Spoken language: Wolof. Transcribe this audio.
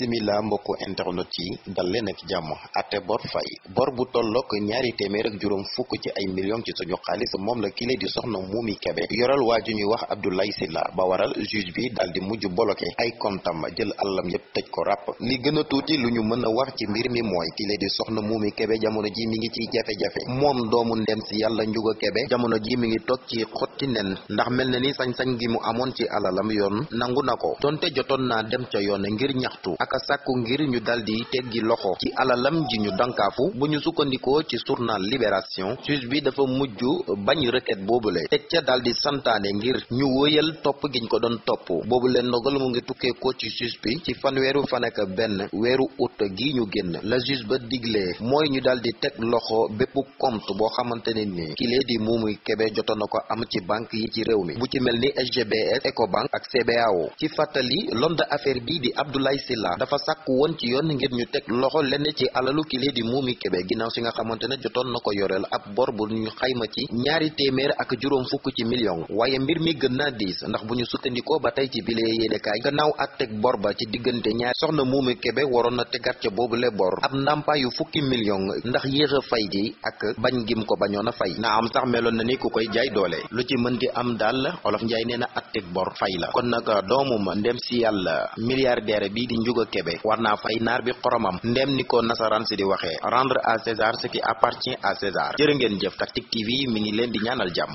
bisimila mbokku internet yi dal leen ak jàmm atte bor fay bor bu tollook ñaari téeméer ak juróom fukk ci ay millions ci suñu xaalis moom la kile di soxna Momy Kébé yoral waa ju ñuy wax Abdoulaye Sylla ba waral juge bi dal di mujj bloqué ay kontam jël àllam yépp tëj ko ràpp li gën a tuuti lu ñu mën a wax ci mbir mi mooy kile di soxna Momy Kébé jamono ji mi ngi ci jafe-jafe moom doomu ndem si yàlla njuga Kébé jamono ji mi ngi toog ci xotti nen ndax mel na ni sañ-sañ gi mu amoon ci alalam yoon nangu na ko donte jotoon naa dem ca yoon ngir ñaxtu ak sàkku ngir ñu daldi teggi loxo ci alalam ji ñu dankaafu bu ñu sukkandikoo ci journal Libération juge bi dafa mujj bañ requête boobule teg ca daldi santaane ngir ñu wóoyal topp giñ ko doon topp boobu boobule ndogal mu ngi tukkee ko ci bi ci fanweeru fan benn weeru ut gi ñu génn la juge ba digle mooy ñu daldi teg loxo bépp compte boo xamante ne ni kilee di Momy Kébé jotoon na ko am ci banque yi ci réew mi bu ci mel ni SGBS Ecobank ak CBAO ci fàttali l'homme affaire bi di Abdoulaye Sylla dafa sàkku woon ci yoon ngir ñu teg loxo lenn ci alalu kile di Momy Kébé ginnaaw si nga xamante ne jotoon na ko yoreel ab bor bu ñu xayma ci ñaari téeméer ak juróom fukk ci million waaye mbir mi gën naa diis ndax bu ñu suttandikoo ba tey ci bile yéenekaay gannaaw ak teg bor ba ci diggante ñaari soxna Momy Kébé waroon na tegaat ca boobule bor ab ndàmpaayu fukki million ndax yéex a fay ji ak bañ gim ko bañoon a fay na am sax meloon na ni ku koy jaay doole lu ci mën di am daal Olof Njaay nee na ak teg bor fay la kon nag si yàlla milliardaire bi di njuga Kébé war naa fay naar bi xoromam ndem ni ko nasaraan si di waxee rendre à César ce qui appartient à César jërë ngeen jëf Tactic TV mi ngi leen di ñaanal jàmm